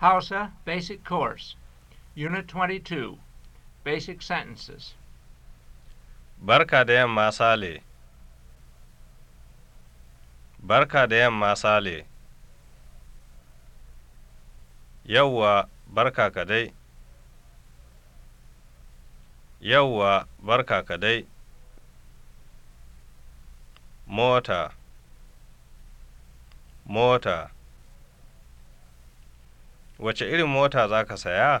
Hausa Basic Course, Unit 22, Basic Sentences. Barka da yamma Sale. Barka da yamma Sale. Yawwa barka ka dai. Yawwa barka ka dai. Mota. Mota. wace irin mota za ka saya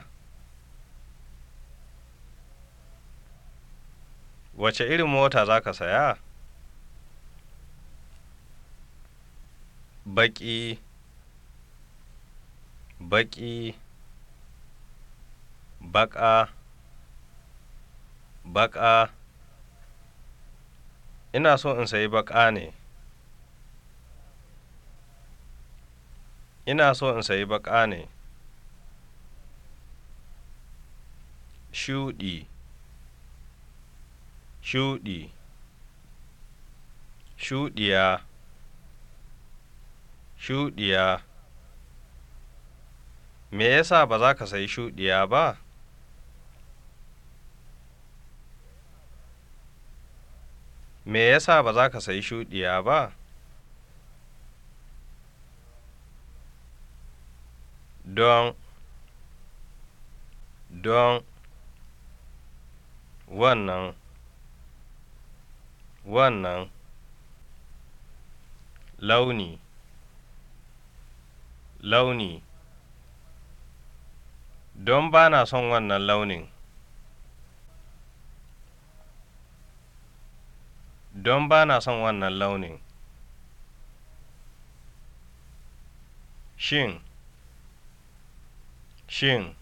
wace irin mota za ka saya baƙi baƙi baƙa baƙa ina so in sayi baƙa ne ina so in sayi baƙa ne shuɗi shuɗi shuɗiya shuɗiya me yasa ba za ka sayi shuɗiya ba me yasa ba za ka sayi shuɗiya ba don don wannan wannan launi launi don ba na son wannan launin don ba na son wannan launin shin shin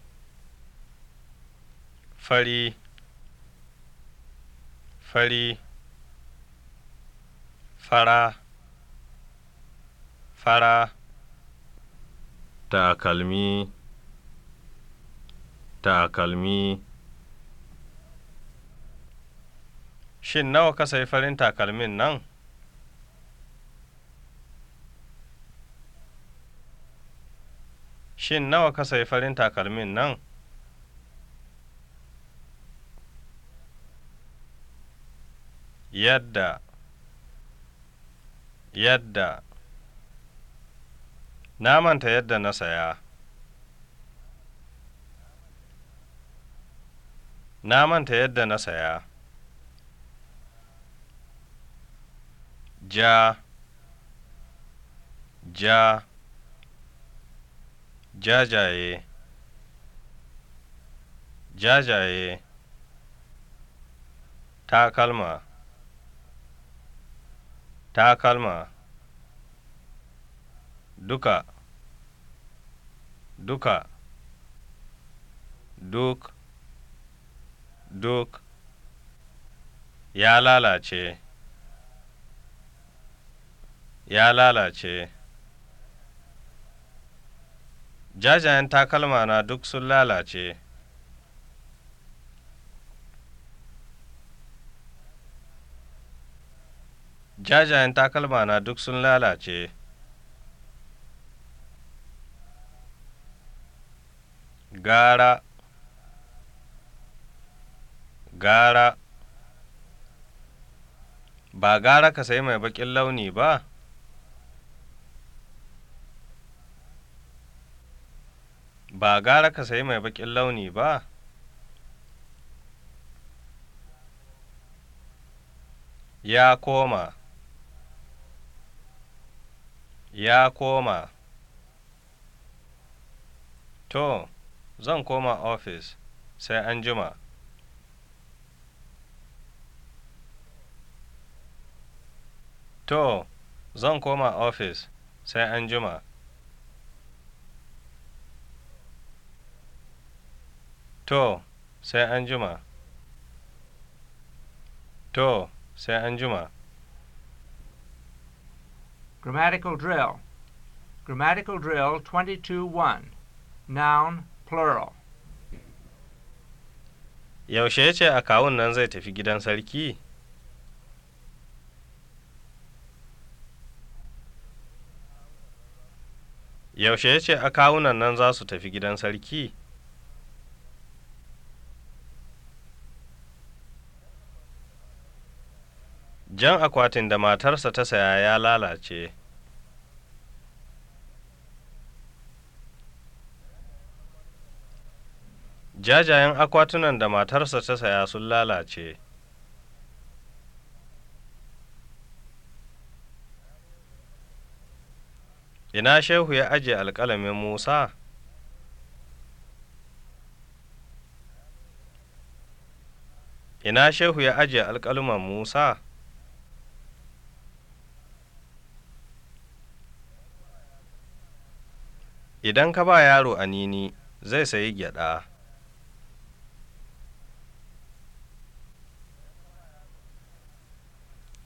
fari fari fara fara takalmi takalmi shin nawa ka sayi farin takalmin nan shin nawa ka sayi farin takalmin nan yadda yadda na manta yadda na saya na manta yadda na saya ja ja jajaye jajaye takalma takalma duka duka duk duk ya lalace ya lalace jajayen takalma na duk sun lalace jajayen takalma na duk sun lalace gara gara ba gara ka sayi mai baƙin launi ba ba gara ka sayi mai baƙin launi ba ya koma Ya koma. To, zan koma ofis sai an jima. To, zan koma ofis sai an jima. To, sai an jima. To, sai an jima. Grammatical drill. Grammatical drill 22.1. Noun plural. Yaushe ya ce kawun nan zai tafi gidan sarki? Yaushe ya ce nan za su tafi gidan sarki? Jan akwatin da matarsa ta saya ya lalace. Jajayen akwatunan da matarsa ta saya sun lalace. Ina Shehu ya aje alƙalamin Musa? Ina Shehu ya aje alƙaluman Musa? Idan ka ba yaro anini, zai sayi gyaɗa.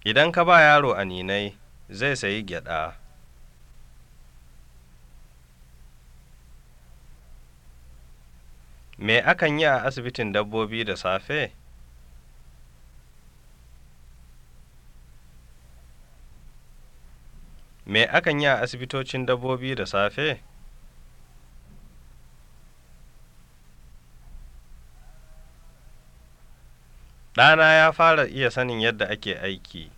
Idan ka ba yaro aninai, zai sayi gyada. Me akan yi a asibitin dabbobi da safe? Me akan yi a asibitocin dabbobi da safe? ɗana ya fara iya sanin yadda ake aiki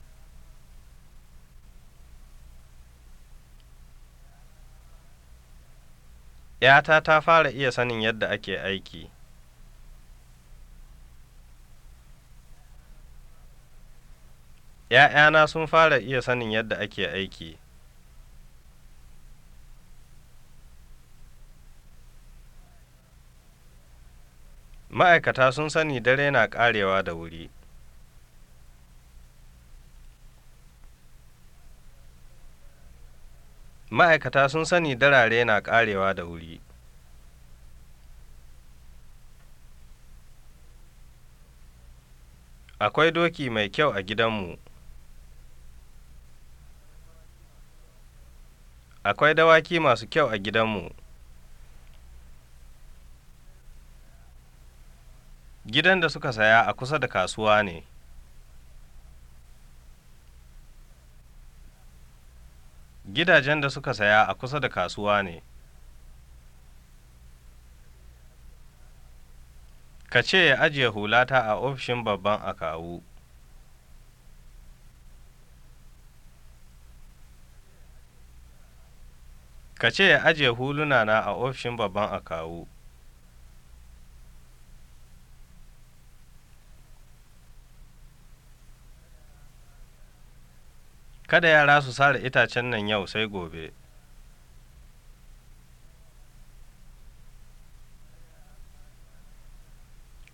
‘yata ta fara iya sanin yadda ake aiki ‘ya'yana sun fara iya sanin yadda ake aiki ma'aikata sun sani dare na ƙarewa da wuri ma'aikata sun sani darare na ƙarewa da wuri akwai doki mai kyau a gidanmu akwai dawaki masu kyau a gidanmu gidan da suka saya a kusa da kasuwa ne gidajen da suka saya a kusa da kasuwa ne ka ce ya ajiye hulata a ofishin babban akawu ka ce ya ajiye hulunana a ofishin babban akawu Kada yara su sare itacen nan yau sai gobe.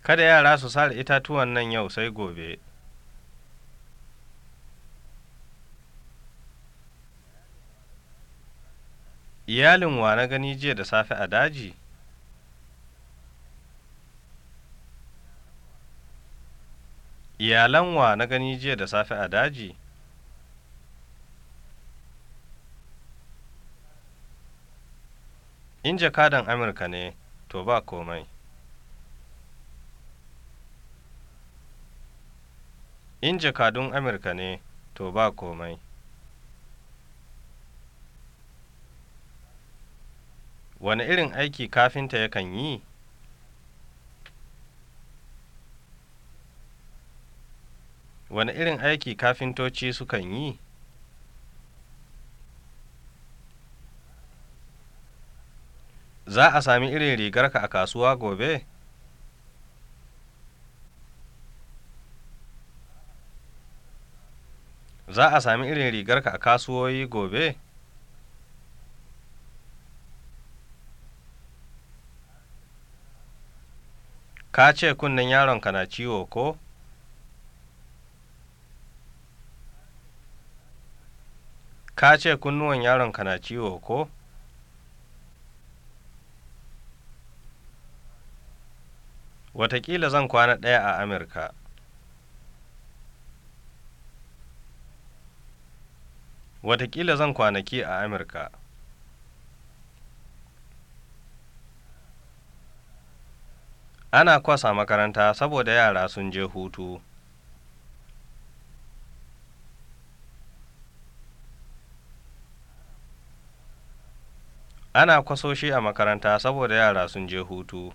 Kada yara su sare itatuwan nan yau sai gobe. Iyalin wa na gani jiya da safe a daji? Iyalan wa na gani jiya da safe a daji? in jakadan amurka ne to ba komai in jakadun amurka ne to ba komai wani irin aiki kafinta yakan yi wani irin aiki kafintoci sukan yi Za a sami irin rigarka a kasuwa gobe? Za a sami irin rigarka a kasuwoyi gobe? Ka ce kunnen yaronka na ciwo ko? Ka ce kunnuwan yaronka na ciwo ko? Wataƙila zan kwana ɗaya a Amurka. Wataƙila zan kwanaki a Amurka. Ana kwasa makaranta saboda yara sun je hutu. Ana kwaso shi a makaranta saboda yara sun je hutu.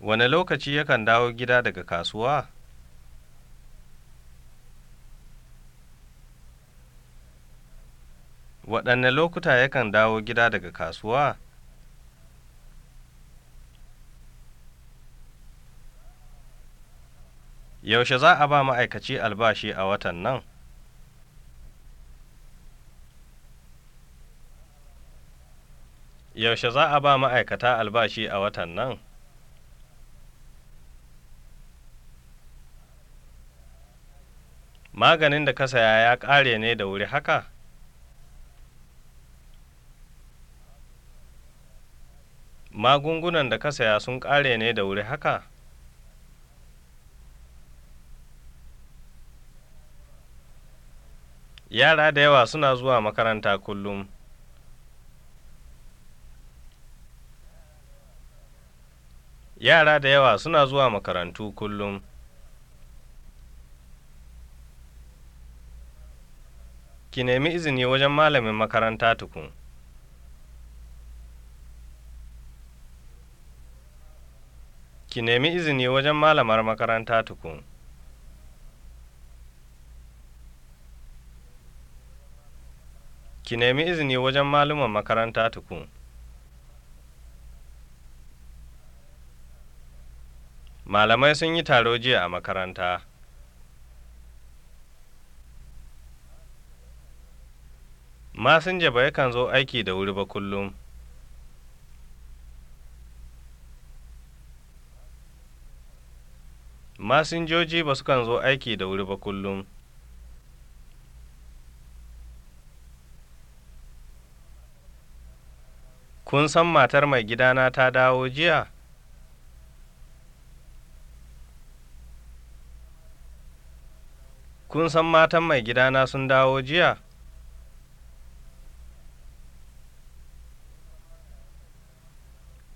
Wane lokaci yakan dawo gida daga kasuwa? Waɗanne lokuta yakan dawo gida daga kasuwa? Yaushe za a ba ma'aikaci albashi a watan nan? Yaushe za a ba ma'aikata albashi a watan nan? maganin da ka saya ya ƙare ne da wuri haka magungunan da ka saya sun ƙare ne da wuri haka yara da yawa suna zuwa makaranta kullum yara da yawa suna zuwa makarantu kullum ki nemi izini wajen malamin makaranta tukun ki nemi izini wajen malamar makaranta tukun ki nemi izini wajen malumar makaranta tukun malamai sun yi taro jiya a makaranta masinja ba yakan zo aiki da wuri ba kullum masinjoji ba su kan zo aiki da wuri ba kullum kun san matar mai gidana ta dawo jiya kun san matan mai gidana sun dawo jiya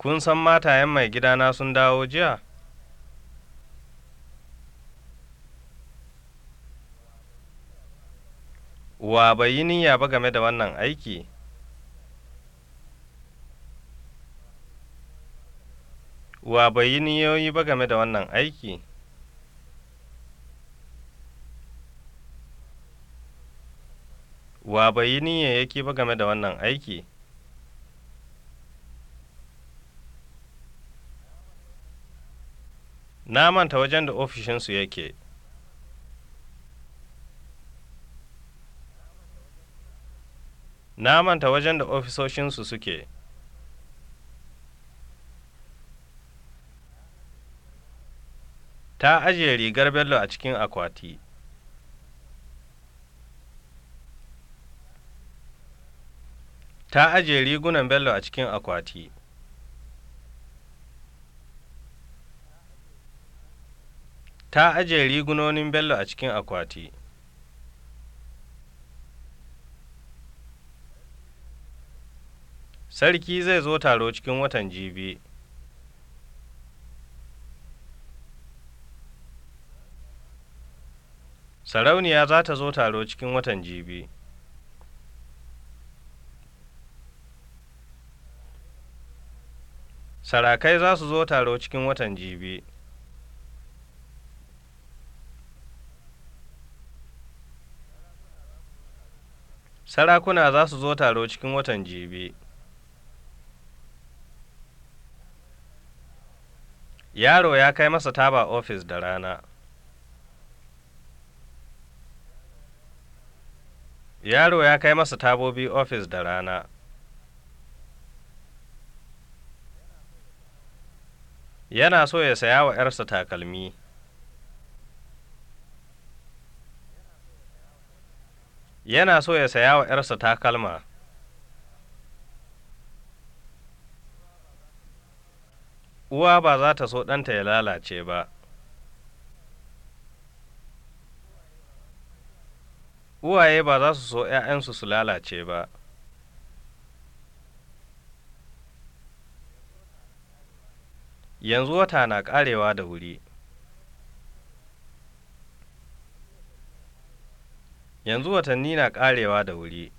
Kun san matayen mai gidana sun dawo jiya? Wa bai yi niyya ba game da wannan aiki? Wa bai yi niyoyi ba game da wannan aiki? Wa bai yi yake ba game da wannan aiki? na manta wajen da ofishinsu yake na manta wajen da ofisoshinsu suke ta ajiye rigar bello a cikin akwati ta ajiye rigunan bello a cikin akwati ta ajiye rigunonin Bello a cikin akwati. Sarki zai zo taro cikin watan jibi. Sarauniya za ta zo taro cikin watan jibi. Sarakai za su zo taro cikin watan jibi. Sarakuna za su zo taro cikin watan jibi. Yaro ya kai masa taba ofis da rana. Yaro ya kai masa tabobi ofis da rana. Yana so ya saya wa ‘yarsa takalmi. yana so ya saya wa ‘yarsa takalma. Uwa ba za ta so ɗanta ya lalace ba. Uwaye ba za su so ‘ya'yansu su lalace ba. Yanzu wata na ƙarewa da wuri. yanzu watanni na ƙarewa da wuri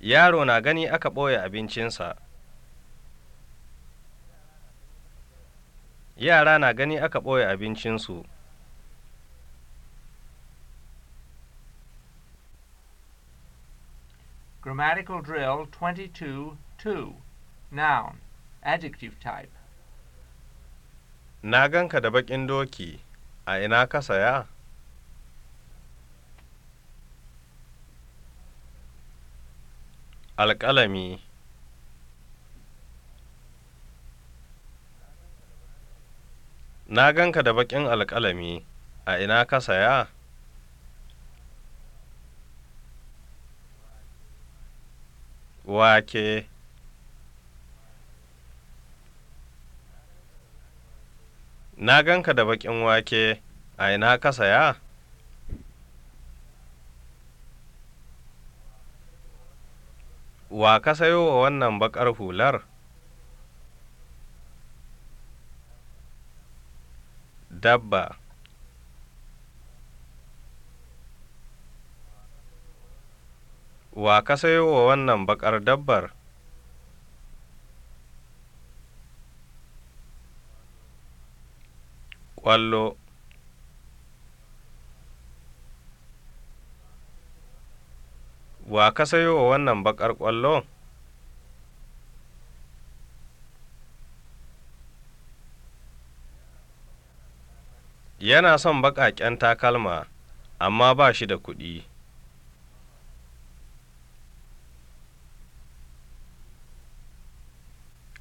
yaro na gani aka ɓoye abincinsa yara na gani aka ɓoye abincinsu Grammatical drill 22-2 Noun Adjective type Na ganka da baƙin doki a ina ka saya alƙalami na ganka da baƙin alƙalami a ina ka saya wake na ganka da baƙin wake a ina ka saya wa ka sayo wa wannan baƙar hular dabba wa ka sayo wa wannan baƙar dabbar ƙwallo wa ka sayo wa wannan baƙar ƙwallon? yana son baƙaƙen takalma amma ba shi da kuɗi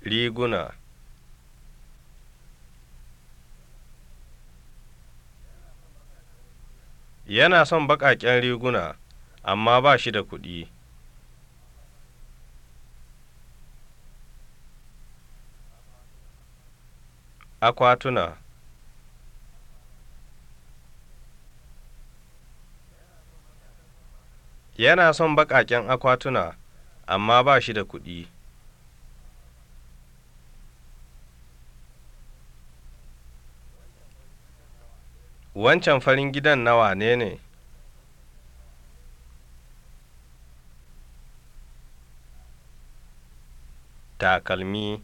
riguna yana son baƙaƙen riguna amma ba shi da kuɗi akwatuna yana son baƙaƙen akwatuna amma ba shi da kuɗi Wancan farin gidan na wane ne? Takalmi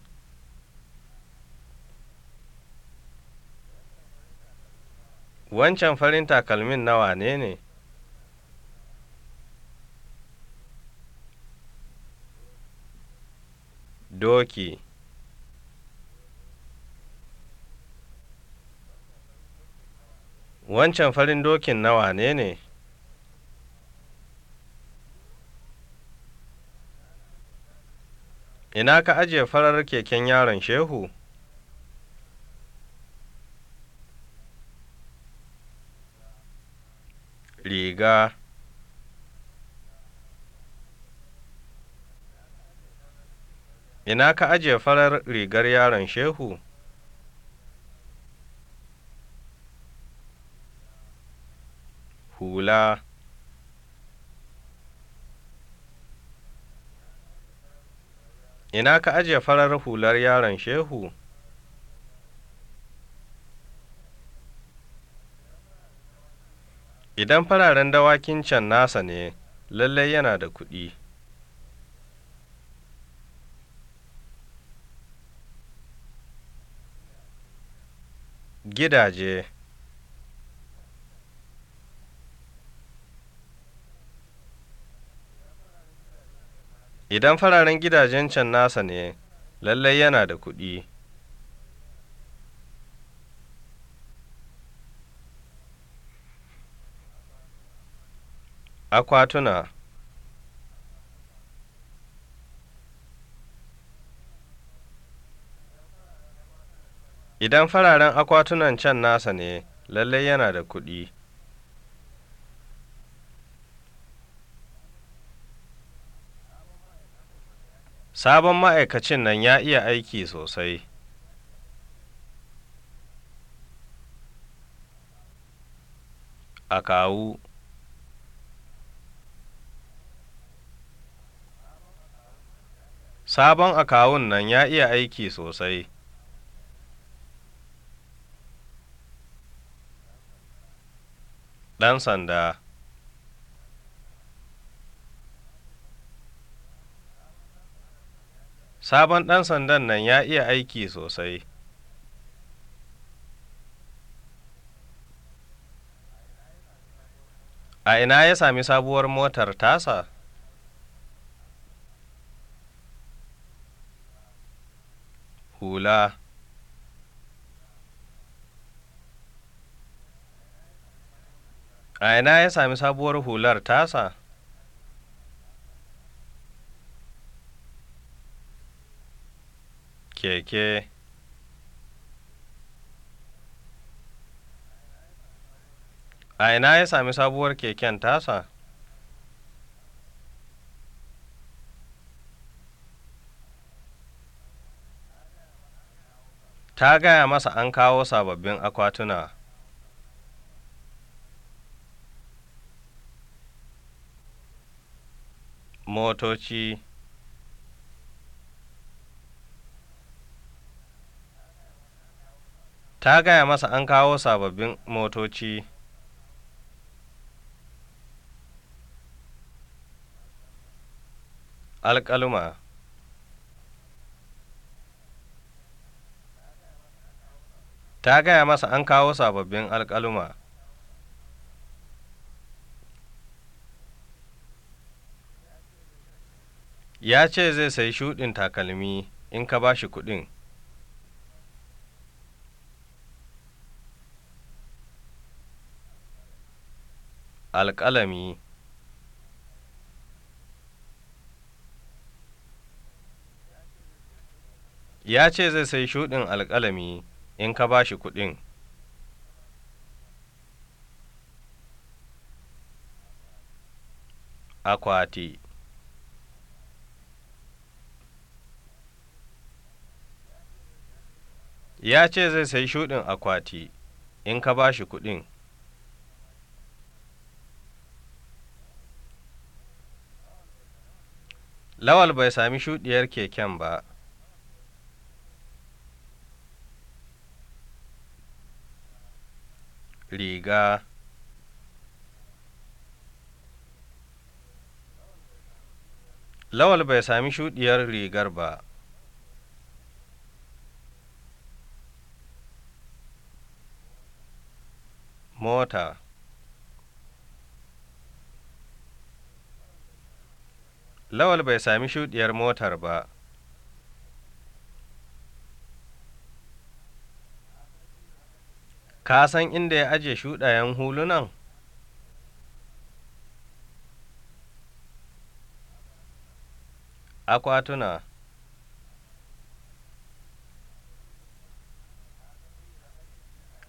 Wancan farin takalmin na wane ne? Doki Wancan farin dokin na wane ne? Ina ka ajiye farar keken yaron Shehu? Riga Ina ka ajiye farar rigar yaron Shehu? hula ina ka ajiye farar hular yaron shehu idan fararen dawakin can nasa ne lallai yana da kuɗi gidaje idan fararen gidajen can nasa ne lallai yana da kuɗi akwatuna idan fararen akwatunan can nasa ne lallai yana da kuɗi Sabon ma'aikacin nan ya iya aiki sosai. a kawu sabon akawun nan ya iya aiki sosai ɗan sanda sabon ɗan sandan nan ya iya aiki sosai a ina ya sami sabuwar motar tasa hula a ina ya sami sabuwar hular tasa keke a ina ya sami sabuwar keken tasa ta gaya masa an kawo sababbin akwatuna motoci ta gaya masa an kawo sababbin motoci alƙaluma ta gaya masa an kawo sababbin alƙaluma ya ce zai sayi shuɗin takalmi in ka ba shi kuɗin alƙalami ya ce zai sai shuɗin alƙalami in ka ba shi kuɗin akwati ya ce zai sai shuɗin akwati in ka ba shi kuɗin Lawal bai sami shuɗiyar keken ba. Riga Lawal bai sami shuɗiyar rigar ba. Mota Lawal bai sami shuɗiyar motar ba. Ka san inda ya aje shuɗayen hulunan? Akwatuna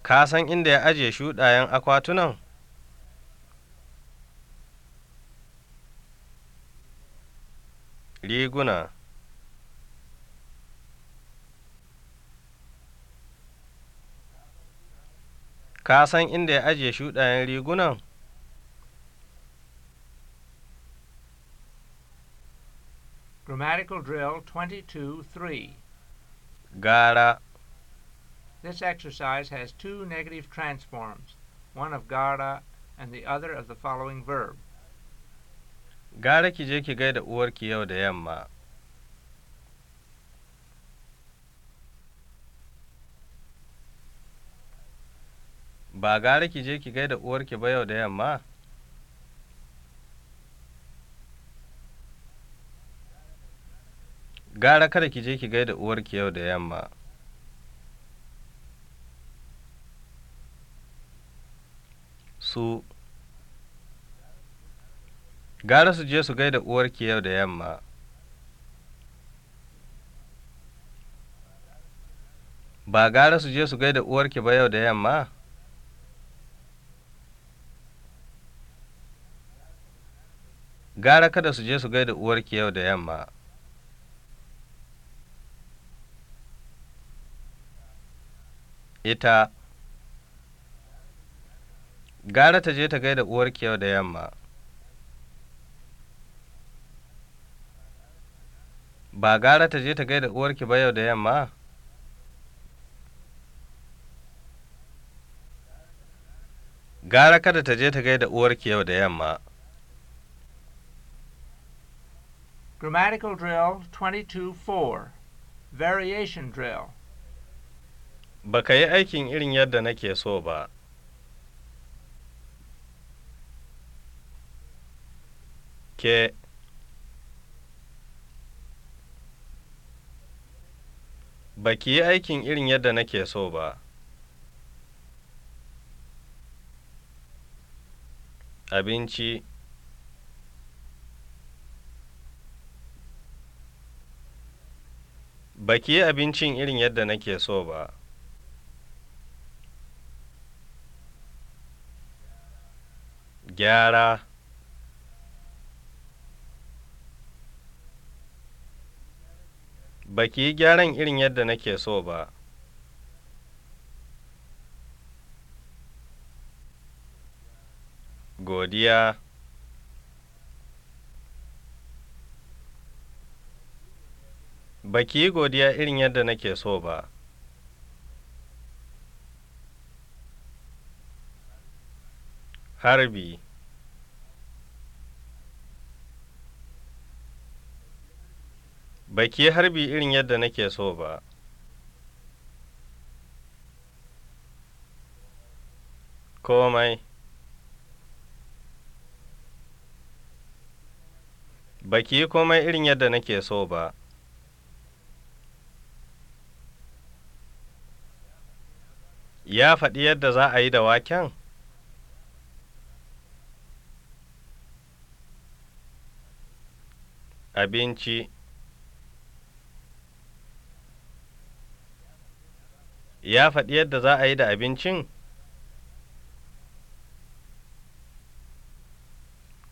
Ka san inda ya aje shuɗayen akwatunan? Liguna Ka san inda ya ajiye shuɗayen rigunan? Grammatical drill 22-3 Gara This exercise has two negative transforms, one of gara and the other of the following verb. Gara ki je ki gaida uwarki yau da yamma. Ba gara ki je ki gaida uwarki ba yau da yamma? Gara kada ki je ki gaida uwarki yau da yamma. Su Gara su je su gaida uwarki yau da yamma. Ba gara su je su gaida uwarki ba yau da yamma? Gara kada su je su gaida uwarki yau da yamma. Ita, gara ta je ta gaida uwarki yau da yamma. Ba gara ta je ta gaida uwarki ba yau da yamma? Gara kada ta je ta gaida uwarki yau da yamma. Grammatical Drill 22-4 Variation Drill Baka yi aikin irin yadda nake so ba. Ke ba ki yi aikin irin yadda nake so ba abinci ba ki yi abincin irin yadda nake so ba gyara ba ki yi gyaran irin yadda nake so ba godiya ba ki yi godiya irin yadda nake so ba harbi bai ke harbi irin yadda nake so ba komai ba ki yi komai irin yadda nake so ba ya faɗi yadda za a yi da waken abinci ya faɗi yadda za a yi da abincin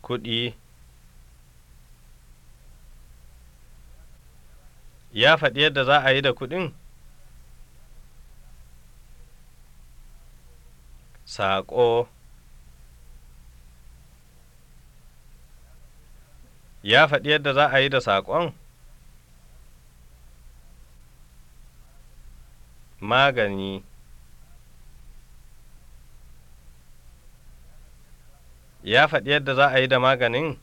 kuɗi ya faɗi yadda za a yi da kuɗin saƙo ya faɗi yadda za a yi da saƙon magani ya faɗi yadda za a yi da maganin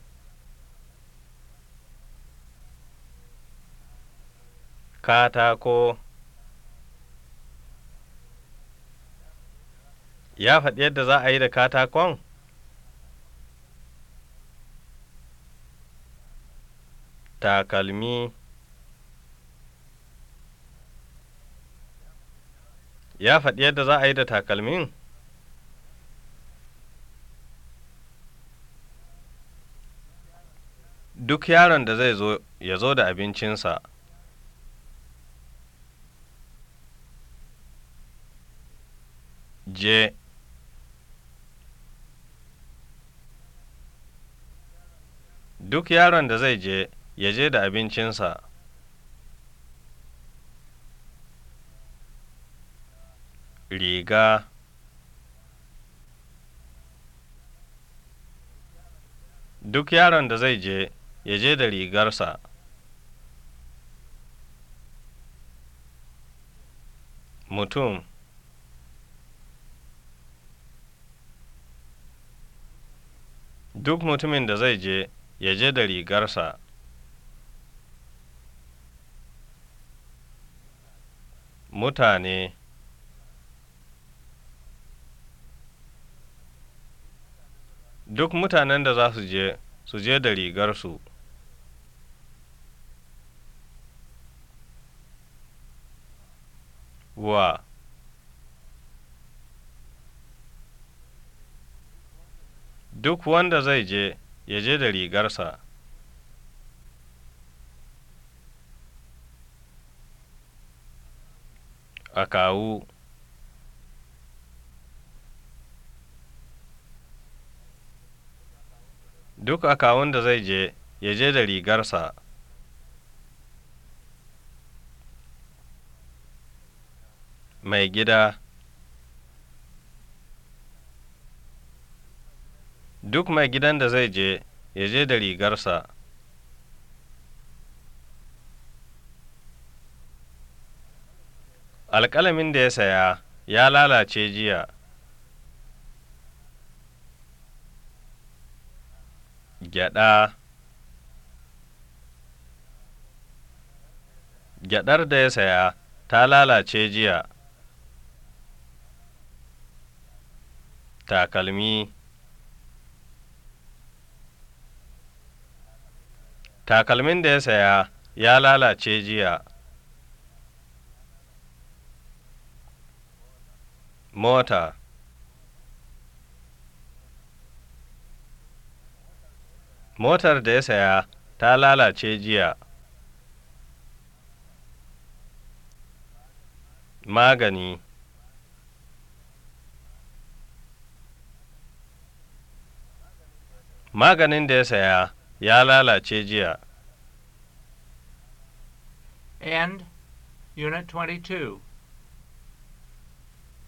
katako ya faɗi yadda za a yi da katakon takalmi ya faɗi yadda za a yi da takalmin duk yaron da zai zo ya zo da abincinsa je duk yaron da zai je ya je da abincinsa riga duk yaron da zai je ya je da rigarsa mutum duk mutumin da zai je ya je da rigarsa mutane duk mutanen da za su je su je da rigarsu wa duk wanda zai je ya je da rigarsa a kawu duk a kawun da zai je ya je da rigarsa mai gida duk mai gidan da zai je ya je da rigarsa alƙalamin da ya saya ya lalace jiya gyada gyadar da ya saya ta lalace jiya takalmi takalmin da ya saya ya lalace jiya mota Motar da ya saya ta lalace jiya. Magani Maganin da ya saya ya lalace jiya. And Unit 22